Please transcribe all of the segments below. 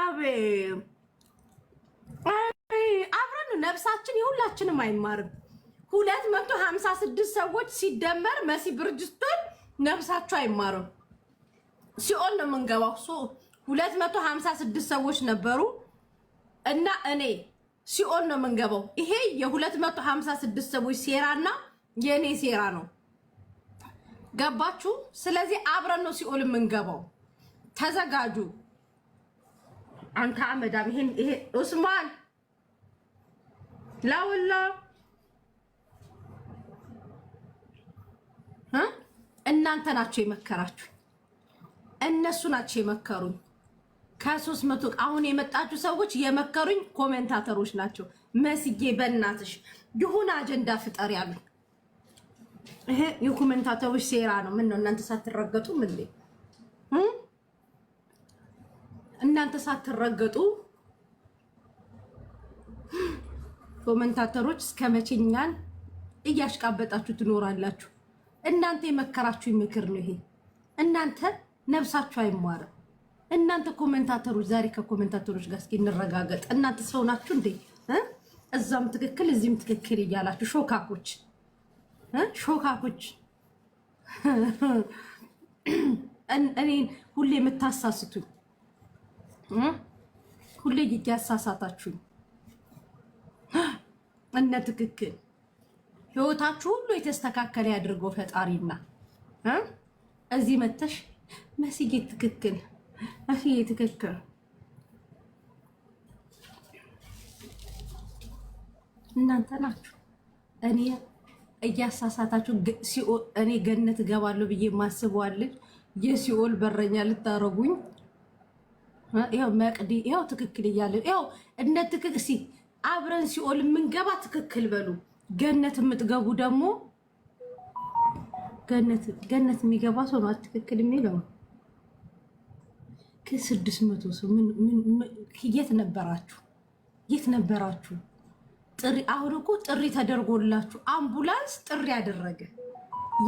አብረን ነፍሳችን የሁላችንም አይማርም። ሁለት መቶ ሀምሳ ስድስት ሰዎች ሲደመር መሲ ብርጅስቶን ነፍሳቸው አይማርም። ሲኦል ነው የምንገባው። ሶ ሁለት መቶ ሀምሳ ስድስት ሰዎች ነበሩ እና እኔ ሲኦል ነው የምንገባው። ይሄ የሁለት መቶ ሀምሳ ስድስት ሰዎች ሴራ እና የእኔ ሴራ ነው። ገባችሁ? ስለዚህ አብረን ነው ሲኦል የምንገባው። ተዘጋጁ። አንተ አመዳም ይሄን ይሄ ኡስማን ላውላ እናንተ ናቸው የመከራችሁ። እነሱ ናቸው የመከሩኝ። ከሶስት መቶ አሁን የመጣችሁ ሰዎች የመከሩኝ ኮሜንታተሮች ናቸው። መስጌ በእናትሽ ይሁን አጀንዳ ፍጠር ያሉ ይሄ የኮሜንታተሮች ሴራ ነው። ምን ነው እናንተ ሳትረገጡ ምን እናንተ ሳትረገጡ ኮመንታተሮች እስከ መቼኛን እያሽቃበጣችሁ ትኖራላችሁ? እናንተ የመከራችሁ ምክር ነው ይሄ። እናንተ ነብሳችሁ አይማርም! እናንተ ኮመንታተሮች፣ ዛሬ ከኮመንታተሮች ጋር እስኪ እንረጋገጥ። እናንተ ሰው ናችሁ እንዴ? እዛም ትክክል እዚህም ትክክል እያላችሁ ሾካኮች ሾካኮች እኔን ሁሌ የምታሳስቱኝ ሁሌ እያሳሳታችሁኝ እነ ትክክል ህይወታችሁ ሁሉ የተስተካከለ ያድርገው ፈጣሪና እዚህ መተሽ መስዬ ትክክል መስዬ ትክክል እናንተ ናችሁ። እኔ እያሳሳታችሁ እኔ ገነት እገባለሁ ብዬ ማስበዋለች የሲኦል በረኛ ልታረጉኝ ይኸው መቅዲ ይኸው ትክክል እያለ ይኸው እንደ ትክክል ሲ አብረን ሲኦል የምንገባ ትክክል በሉ። ገነት የምትገቡ ደግሞ ገነት ገነት የሚገባ ሰው ነው ትክክል የሚለው ከስድስት መቶ ሰው የት ነበራችሁ? የት ነበራችሁ? ጥሪ አሁን እኮ ጥሪ ተደርጎላችሁ አምቡላንስ ጥሪ ያደረገ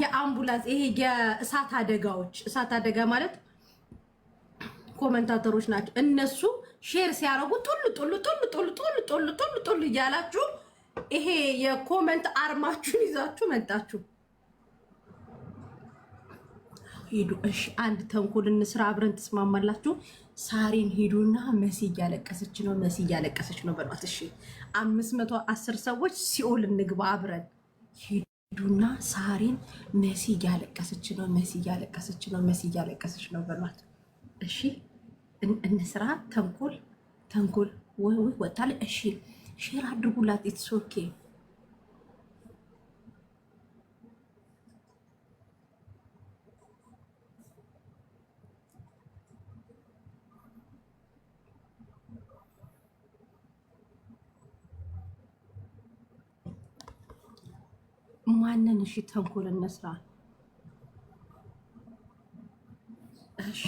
የአምቡላንስ ይሄ የእሳት አደጋዎች እሳት አደጋ ማለት ኮመንታተሮች ናቸው። እነሱ ሼር ሲያደርጉ ጡል ጡል ጡል ጡል ጡል ጡል ጡል ጡል እያላችሁ ይሄ የኮመንት አርማችሁን ይዛችሁ መጣችሁ። ሂዱ እሺ፣ አንድ ተንኮል እንስራ፣ አብረን ትስማማላችሁ። ሳሪን ሂዱና መሲ እያለቀሰች ነው፣ መሲ እያለቀሰች ነው በሏት። እሺ፣ አምስት መቶ አስር ሰዎች ሲኦል እንግባ አብረን። ሂዱና ሳሪን መሲ እያለቀሰች ነው፣ መሲ እያለቀሰች ነው፣ መሲ እያለቀሰች ነው በሏት። እሺ እንስራ። ተንኮል ተንኮል ወይ ወይ እሺ ሼር አድርጉላት። ኢትስ ኦኬ ማንን? እሺ ተንኮል እንስራ። እሺ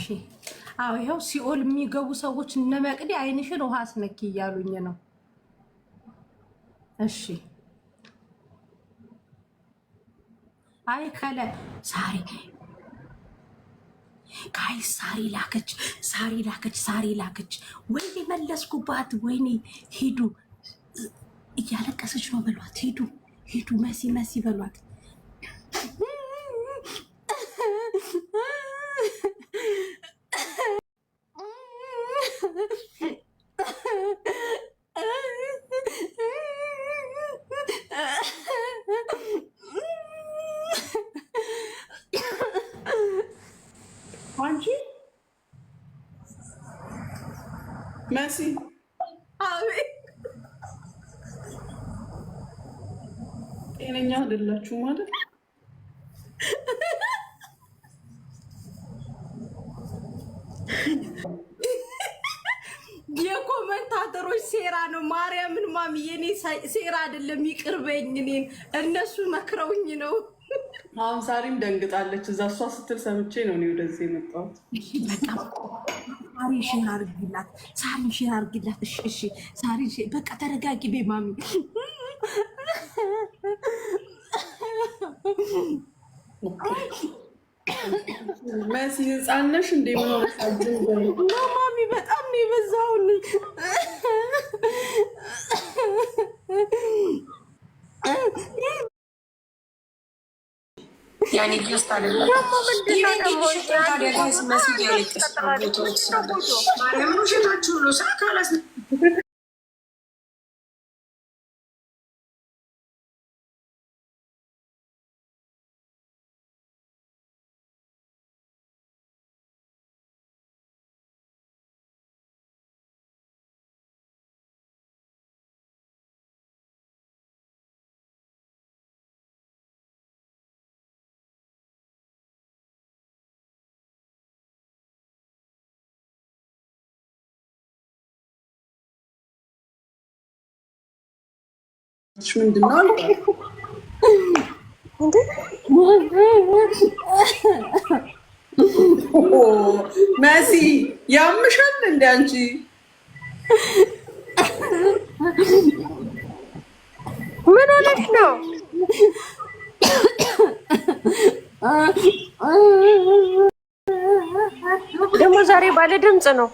አዎ ይኸው ሲኦል የሚገቡ ሰዎች እነ መቅዲ አይንሽን ውሃ አስነኪ እያሉኝ ነው። እሺ አይ ከለ ሳሪ ካይ ሳሪ ላከች፣ ሳሪ ላከች፣ ሳሪ ላከች። ወይኔ መለስኩባት። ወይኔ ሂዱ እያለቀሰች ነው በሏት። ሂዱ ሂዱ፣ መሲ መሲ በሏት። መሲ ጤነኛ አይደላችሁ ማለት የኮመንታተሮች ሴራ ነው። ማርያምን ማሚዬ፣ እኔ ሴራ አይደለም ይቅርበኝ። እኔን እነሱ መክረውኝ ነው። አሁን ሳሪም ደንግጣለች። እዛ እሷ ስትል ሰምቼ ነው እኔ ወደዚህ የመጣሁት። ሳሪ ሽን አርግላት፣ ሳሪ ሽን አርግላት። እሺ እሺ፣ ሳሪ በቃ ተረጋጊ። ቤማሚ መሲ ህፃን ነሽ እንዴ? ማሚ በጣም ነው የበዛውን ያኔ ደስታ አደለም እሺ ምንድን ነው መሲ ያምሻል እንደ አንቺ ምን ሆነሽ ነው? ደግሞ ዛሬ ባለ ድምፅ ነው።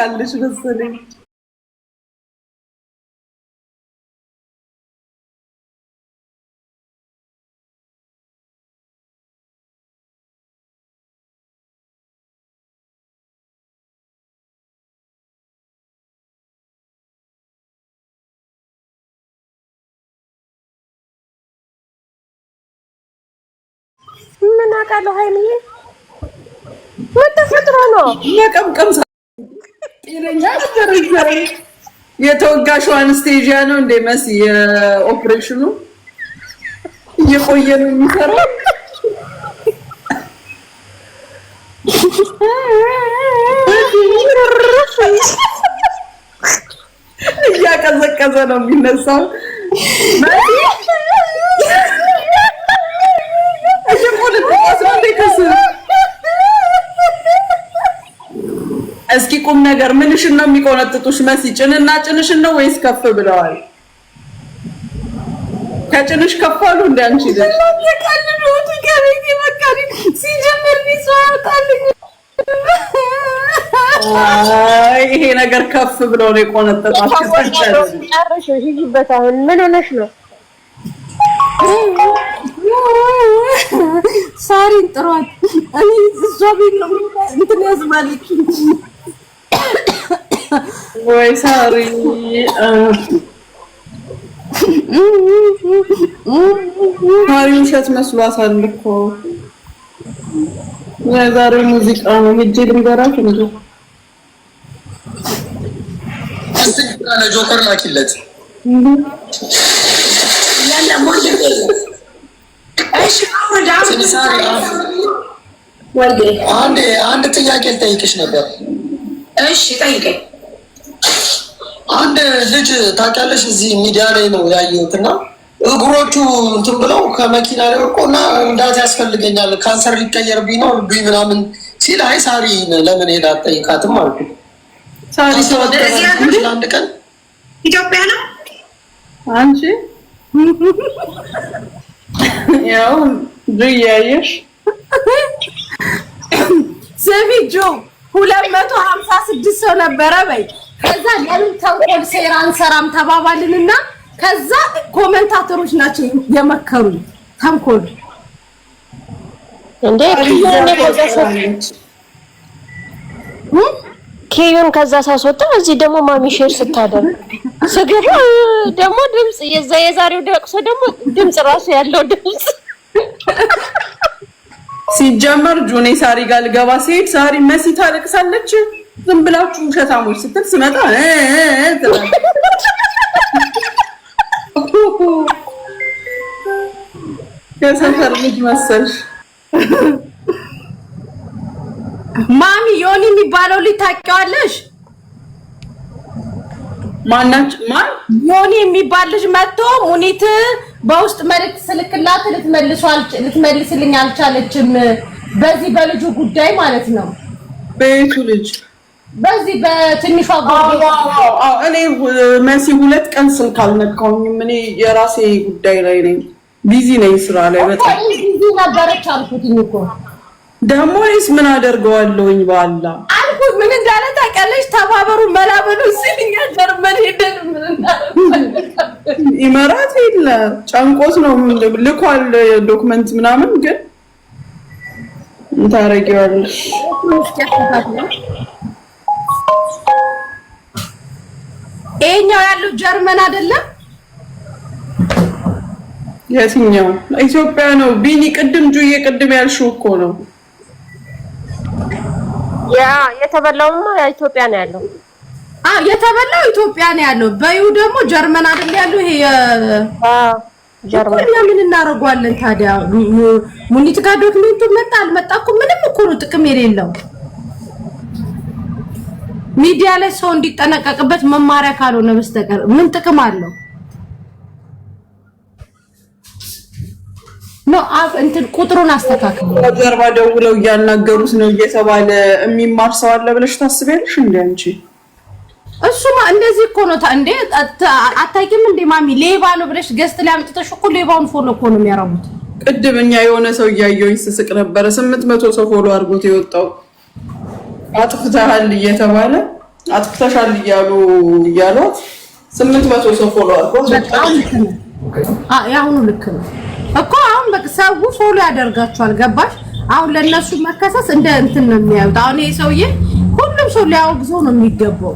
Sen de şurası sarayım. ምን አውቃለሁ ሀይሚዬ፣ ምን ተፈጥሮ ነው? ቀምቀምሳ የተወጋሽ አንስቴዥያ ነው እንደ መሲ የኦፕሬሽኑ እየቆየ ነው የሚሰራው። እያቀዘቀዘ ነው የሚነሳው። እስኪ ቁም ነገር ምንሽን ነው የሚቆነጥጡሽ? መሲ ጭንና ጭንሽን ነው ወይስ ከፍ ብለዋል? ከጭንሽ ከፍ አሉ እንደ አንቺ ይሄ ነገር ከፍ ብሎ ነው የቆነጠጣችሁ። ሂጂበት። አሁን ምን ሆነሽ ነው? ሳሪን ጥሯት። እኔ እሷ ቤት ነው እንትን ያዝማለች ወይ ሳሪ ሳሪ ውሸት መስሏታል እኮ የዛሬው ሙዚቃ ነው። ሄጄ ልንገራት እንጂ ጆከር ላኪለት። አንድ ጥያቄ ልጠይቅሽ ነበር። እሺ ጠይቀኝ። አንድ ልጅ ታውቂያለሽ፣ እዚህ ሚዲያ ላይ ነው ያየሁት እና እግሮቹ እንትን ብለው ከመኪና ላይ ወርቆ እና እንዳት ያስፈልገኛል ካንሰር ሊቀየርብኝ ነው ብ ምናምን ሲል አይ ሳሪ ለምን ሄዳ አትጠይቃትም አልኩ። አንድ ቀን ኢትዮጵያ ነው አንቺ ያው እያየሽ ስሚ ጆ ሁለት መቶ ሀምሳ ስድስት ሰው ነበረ በይ ከዛ ለምን ተንኮል ሴራ አንሰራም ተባባልንና ከዛ ኮመንታተሮች ናቸው የመከሩኝ ተንኮል እንዴ ኬዩን ከዛ ሳስወጣ እዚህ ደግሞ ማሚ ሼር ስታደርግ ስገባ ደግሞ ድምፅ የዛ የዛሬው ደቅሶ ደግሞ ድምፅ ራሱ ያለው ድምፅ ሲጀመር ጁኔ ሳሪ ጋር ልገባ ሲሄድ ሳሪ መሲ ታለቅሳለች። ዝም ብላችሁ ውሸታሞች ስትል ስመጣ የሰፈር ልጅ መሰልሽ። ማሚ ዮኒ የሚባለው ልጅ ታውቂዋለሽ? ማናች ማን ዮኒ የሚባል ልጅ መጥቶ ሙኒት በውስጥ መልዕክት ስልክላት ልትመልስልኝ አልቻለችም። በዚህ በልጁ ጉዳይ ማለት ነው። በየቱ ልጅ በዚህ በትንሿ እኔ መሲ ሁለት ቀን ስልክ አልነካውኝም። እኔ የራሴ ጉዳይ ላይ ነኝ፣ ቢዚ ነኝ፣ ስራ ላይ በጣም ቢዚ ነበረች አልኩትኝ እኮ ደግሞ እኔስ ምን አደርገዋለሁኝ በኋላ አልኩ። ምን እንዳለ ታውቂያለሽ? ተባበሩ መላበሉ ሲልኛ ጀርመን ሄደን ኢመራት የለ ጨንቆት ነው ልኳል ዶክመንት ምናምን ግን ታረጊዋለሽ ይሄኛው ያለው ጀርመን አይደለም። የትኛው ኢትዮጵያ ነው? ቢኒ ቅድም ጁዬ ቅድም ያልሽው እኮ ነው። ያ የተበላውማ ኢትዮጵያ ነው ያለው። አዎ የተበላው ኢትዮጵያ ነው ያለው። በዩ ደግሞ ጀርመን አይደል ያለው። ይሄ ጀርመን ምን እናደርገዋለን ታዲያ? ሙኒት ጋር ዶክመንቱ መጣ አልመጣ እኮ ምንም እኮ ነው ጥቅም የሌለው ሚዲያ ላይ ሰው እንዲጠነቀቅበት መማሪያ ካልሆነ በስተቀር ምን ጥቅም አለው? ኖ አብ እንትን ቁጥሩን አስተካክል። ጀርባ ደውለው እያናገሩት ነው እየተባለ የሚማር ሰው አለ ብለሽ ታስቢያለሽ? እንደ አንቺ እሱማ እንደዚህ እኮ ነው እንዴ አታውቂም እንዴ? ማሚ ሌባ ነው ብለሽ ገዝት ላይ አምጥተሽ እኮ ሌባውን ፎሎ እኮ ነው የሚያረጉት። ቅድም እኛ የሆነ ሰው እያየሁኝ ስስቅ ነበረ። ስምንት መቶ ሰው ፎሎ አድርጎት የወጣው አጥፍተሃል እየተባለ አጥፍተሻል እያሉ እያሏት ስምንት መቶ ሰው ፎሎ አድርጓት። የአሁኑ ልክ ነው እኮ አሁን ሰው ፎሎ ያደርጋቸዋል። ገባሽ? አሁን ለእነሱ መከሰስ እንደ እንትን ነው የሚያዩት። አሁን ይሄ ሰውዬ ሁሉም ሰው ሊያወግዘው ነው የሚገባው።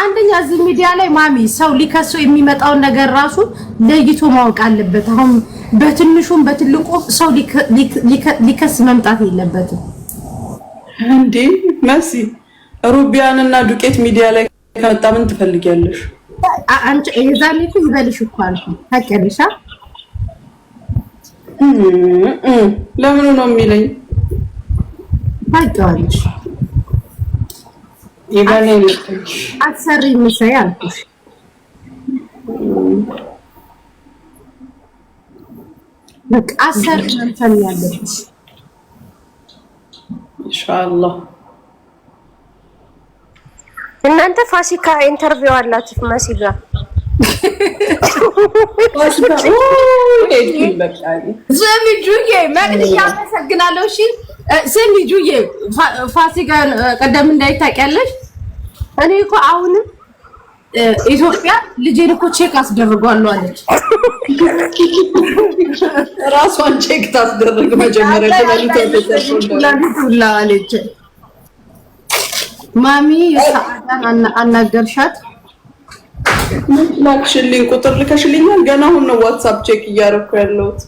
አንደኛ እዚህ ሚዲያ ላይ ማሚ ሰው ሊከሰው የሚመጣውን ነገር ራሱ ለይቶ ማወቅ አለበት። አሁን በትንሹም በትልቁ ሰው ሊከስ መምጣት የለበትም። እንዴ መሲ ሩቢያን እና ዱቄት ሚዲያ ላይ ከመጣ ምን ትፈልጊያለሽ? አንቺ የዛኔ ይበልሽ እኮ አልኩ ታውቂያለሽ። ለምኑ ነው የሚለኝ ታውቂዋለሽ አትሰሪ ምሳይ አልኩሽ። በቃ አትሰሪ አንተም ያለብሽ ኢንሻአላህ። እናንተ ፋሲካ ኢንተርቪው አላችሁ መሲ ጋር ዘምጁዬ መቅድሽ አመሰግናለሁ። ስሚ ጁዬ ፋሲካን ቀደም እንዳይታቂያለሽ። እኔ እኮ አሁንም ኢትዮጵያ ልጄን እኮ ቼክ አስደርጓለሁ አለች። ራሷን ቼክ ታስደርግ መጀመሪያ አለች። ማሚ አናገርሻት? ላክሽልኝ፣ ቁጥር ልከሽልኛል። ገና አሁን ነው ዋትሳፕ ቼክ እያደረኩ ያለሁት።